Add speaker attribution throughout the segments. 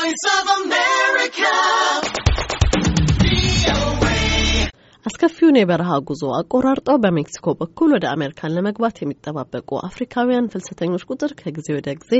Speaker 1: voice of America አስከፊውን የበረሃ ጉዞ አቆራርጠው በሜክሲኮ በኩል ወደ አሜሪካን ለመግባት የሚጠባበቁ አፍሪካውያን ፍልሰተኞች ቁጥር ከጊዜ ወደ ጊዜ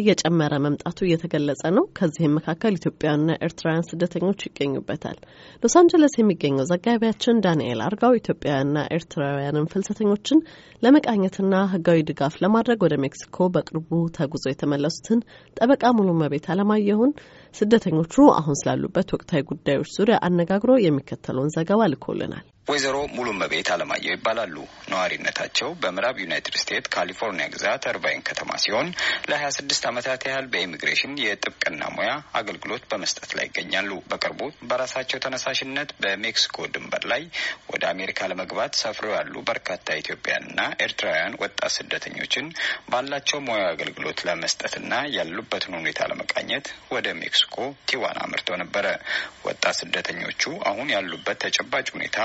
Speaker 1: እየጨመረ መምጣቱ እየተገለጸ ነው። ከዚህም መካከል ኢትዮጵያውያንና ኤርትራውያን ስደተኞች ይገኙበታል። ሎስ አንጀለስ የሚገኘው ዘጋቢያችን ዳንኤል አርጋው ኢትዮጵያውያንና ኤርትራውያንን ፍልሰተኞችን ለመቃኘትና ሕጋዊ ድጋፍ ለማድረግ ወደ ሜክሲኮ በቅርቡ ተጉዞ የተመለሱትን ጠበቃ ሙሉ መቤት አለማየሁን ስደተኞቹ አሁን ስላሉበት ወቅታዊ ጉዳዮች ዙሪያ አነጋግሮ የሚከተለውን ዘገባ ልኮልን ይለናል።
Speaker 2: ወይዘሮ መቤት አለማየሁ ይባላሉ። ነዋሪነታቸው በምዕራብ ዩናይትድ ስቴትስ ካሊፎርኒያ ግዛት እርቫይን ከተማ ሲሆን ለ26 ዓመታት ያህል በኢሚግሬሽን የጥብቅና ሙያ አገልግሎት በመስጠት ላይ ይገኛሉ። በቅርቡ በራሳቸው ተነሳሽነት በሜክሲኮ ድንበር ላይ ወደ አሜሪካ ለመግባት ሰፍረው ያሉ በርካታ ኢትዮጵያንና ኤርትራውያን ወጣት ስደተኞችን ባላቸው ሙያዊ አገልግሎት ለመስጠትና ያሉበትን ሁኔታ ለመቃኘት ወደ ሜክሲኮ ቲዋና አምርተው ነበረ። ወጣት ስደተኞቹ አሁን ያሉበት ተጨባጭ ሁኔታ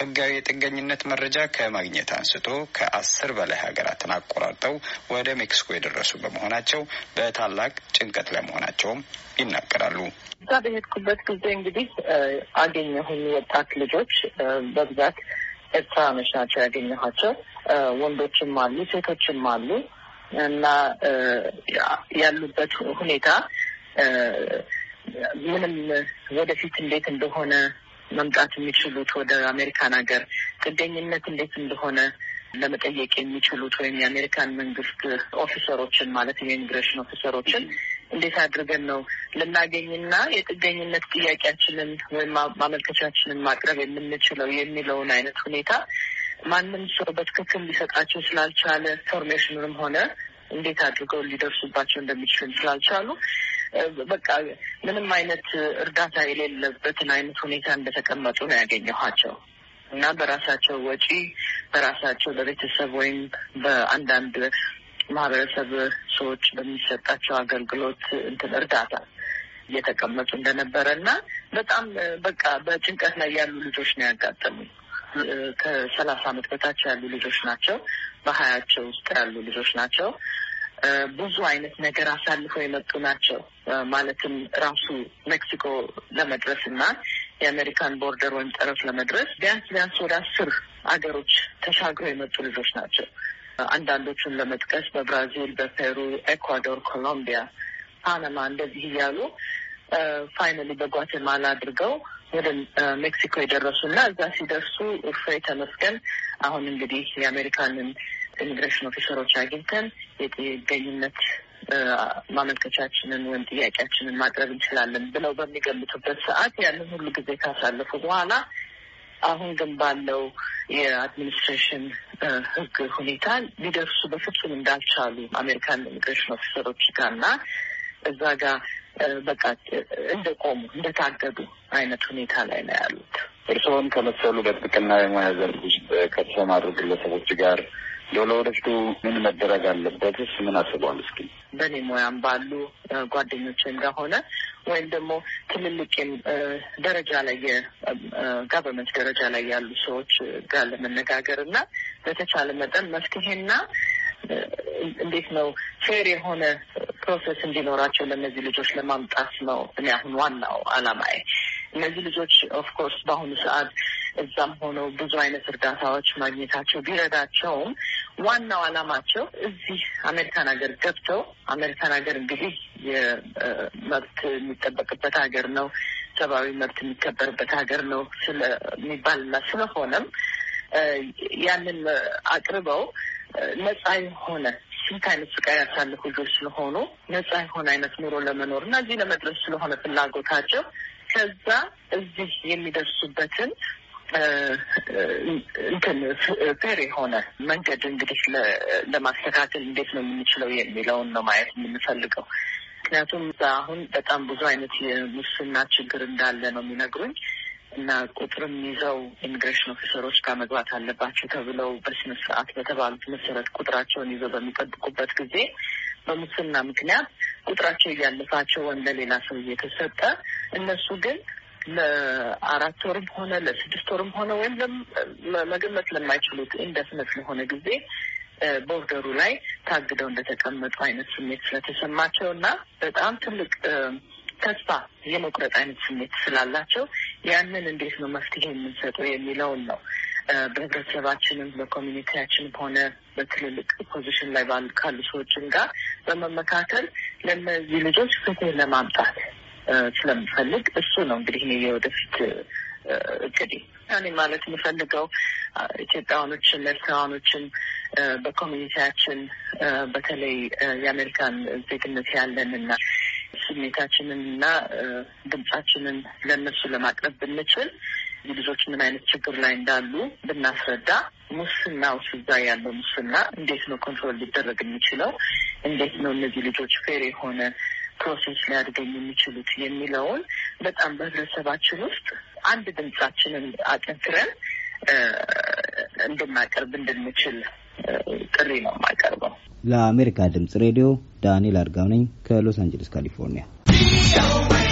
Speaker 2: ህጋዊ የጥገኝነት መረጃ ከማግኘት አንስቶ ከአስር በላይ ሀገራትን አቆራርጠው ወደ ሜክሲኮ የደረሱ በመሆናቸው በታላቅ ጭንቀት ላይ መሆናቸውም ይናገራሉ።
Speaker 1: እዛ በሄድኩበት ጊዜ እንግዲህ አገኘሁኝ ወጣት ልጆች በብዛት ኤርትራኖች ናቸው ያገኘኋቸው። ወንዶችም አሉ፣ ሴቶችም አሉ እና ያሉበት ሁኔታ ምንም ወደፊት እንዴት እንደሆነ መምጣት የሚችሉት ወደ አሜሪካን ሀገር ጥገኝነት እንዴት እንደሆነ ለመጠየቅ የሚችሉት ወይም የአሜሪካን መንግስት ኦፊሰሮችን ማለት የኢሚግሬሽን ኦፊሰሮችን እንዴት አድርገን ነው ልናገኝና የጥገኝነት ጥያቄያችንን ወይም ማመልከቻችንን ማቅረብ የምንችለው የሚለውን አይነት ሁኔታ ማንም ሰው በትክክል ሊሰጣቸው ስላልቻለ ኢንፎርሜሽንንም ሆነ እንዴት አድርገው ሊደርሱባቸው እንደሚችል ስላልቻሉ በቃ ምንም አይነት እርዳታ የሌለበትን አይነት ሁኔታ እንደተቀመጡ ነው ያገኘኋቸው እና በራሳቸው ወጪ በራሳቸው በቤተሰብ ወይም በአንዳንድ ማህበረሰብ ሰዎች በሚሰጣቸው አገልግሎት እንትን እርዳታ እየተቀመጡ እንደነበረ እና በጣም በቃ በጭንቀት ላይ ያሉ ልጆች ነው ያጋጠሙ ከሰላሳ አመት በታች ያሉ ልጆች ናቸው። በሀያቸው ውስጥ ያሉ ልጆች ናቸው። ብዙ አይነት ነገር አሳልፈው የመጡ ናቸው። ማለትም ራሱ ሜክሲኮ ለመድረስ እና የአሜሪካን ቦርደር ወይም ጠረፍ ለመድረስ ቢያንስ ቢያንስ ወደ አስር አገሮች ተሻግረው የመጡ ልጆች ናቸው። አንዳንዶቹን ለመጥቀስ በብራዚል፣ በፔሩ፣ ኤኳዶር፣ ኮሎምቢያ፣ ፓናማ እንደዚህ እያሉ ፋይናሊ በጓቴማላ አድርገው ወደ ሜክሲኮ የደረሱ እና እዛ ሲደርሱ እፎይ ተመስገን አሁን እንግዲህ የአሜሪካንን ኢሚግሬሽን ኦፊሰሮች አግኝተን የጥገኝነት ማመልከቻችንን ወይም ጥያቄያችንን ማቅረብ እንችላለን ብለው በሚገምቱበት ሰዓት ያንን ሁሉ ጊዜ ካሳለፉ በኋላ አሁን ግን ባለው የአድሚኒስትሬሽን ሕግ ሁኔታ ሊደርሱ በፍጹም እንዳልቻሉ አሜሪካን ኢሚግሬሽን ኦፊሰሮች ጋርና እዛ ጋር በቃ እንደቆሙ እንደታገዱ አይነት ሁኔታ ላይ ነው ያሉት።
Speaker 2: እርስዎን ከመሰሉ በጥብቅና የሙያ ዘርፍ ውስጥ ከተሰማሩ ግለሰቦች ጋር ለወደፊቱ ምን መደረግ አለበትስ? ምን አስበዋል? እስኪ
Speaker 1: በእኔ ሙያም ባሉ ጓደኞችም ጋር ሆነ ወይም ደግሞ ትልልቅ ደረጃ ላይ የጋቨርመንት ደረጃ ላይ ያሉ ሰዎች ጋር ለመነጋገር እና በተቻለ መጠን መፍትሄና እንዴት ነው ፌር የሆነ ፕሮሰስ እንዲኖራቸው ለእነዚህ ልጆች ለማምጣት ነው እኔ አሁን ዋናው አላማዬ። እነዚህ ልጆች ኦፍኮርስ በአሁኑ ሰዓት እዛም ሆነው ብዙ አይነት እርዳታዎች ማግኘታቸው ቢረዳቸውም ዋናው ዓላማቸው እዚህ አሜሪካን ሀገር ገብተው አሜሪካን ሀገር እንግዲህ የመብት የሚጠበቅበት ሀገር ነው፣ ሰብአዊ መብት የሚከበርበት ሀገር ነው ስለሚባልና ስለሆነም ያንን አቅርበው ነጻ የሆነ ስንት አይነት ስቃይ ያሳልፉ ልጆች ስለሆኑ ነጻ የሆነ አይነት ኑሮ ለመኖር እና እዚህ ለመድረስ ስለሆነ ፍላጎታቸው ከዛ እዚህ የሚደርሱበትን እንትን ፌር የሆነ መንገድ እንግዲህ ለማስተካከል እንዴት ነው የምንችለው የሚለውን ነው ማየት የምንፈልገው። ምክንያቱም እዛ አሁን በጣም ብዙ አይነት የሙስና ችግር እንዳለ ነው የሚነግሩኝ እና ቁጥርም ይዘው ኢሚግሬሽን ኦፊሰሮች ጋር መግባት አለባቸው ተብለው በስነ ስርዓት በተባሉት መሰረት ቁጥራቸውን ይዘው በሚጠብቁበት ጊዜ በሙስና ምክንያት ቁጥራቸው እያለፋቸው ወይም ለሌላ ሰው እየተሰጠ እነሱ ግን ለአራት ወርም ሆነ ለስድስት ወርም ሆነ ወይም መገመት ለማይችሉት እንደፍነት ለሆነ ጊዜ ቦርደሩ ላይ ታግደው እንደተቀመጡ አይነት ስሜት ስለተሰማቸው እና በጣም ትልቅ ተስፋ የመቁረጥ አይነት ስሜት ስላላቸው ያንን እንዴት ነው መፍትሄ የምንሰጠው የሚለውን ነው በህብረተሰባችንም በኮሚኒቲያችንም ሆነ በትልልቅ ፖዚሽን ላይ ካሉ ሰዎችን ጋር በመመካከል ለእነዚህ ልጆች ፍትህ ለማምጣት ስለምፈልግ እሱ ነው እንግዲህ እኔ የወደፊት እቅዴ። እኔ ማለት የምፈልገው ኢትዮጵያውያኖችን፣ ኤርትራውያኖችን በኮሚኒቲያችን በተለይ የአሜሪካን ዜግነት ያለንና ስሜታችንን እና ድምጻችንን ለእነሱ ለማቅረብ ብንችል ልጆች ምን አይነት ችግር ላይ እንዳሉ ብናስረዳ ሙስና ውስጥ እዛ ያለው ሙስና እንዴት ነው ኮንትሮል ሊደረግ የሚችለው? እንዴት ነው እነዚህ ልጆች ፌር የሆነ ፕሮሴስ ሊያድገኝ የሚችሉት የሚለውን በጣም በህብረተሰባችን ውስጥ አንድ ድምጻችንን አጠንክረን እንድናቀርብ እንድንችል ጥሪ ነው የማቀርበው።
Speaker 2: ለአሜሪካ ድምጽ ሬዲዮ ዳንኤል አርጋው ነኝ ከሎስ አንጀለስ ካሊፎርኒያ።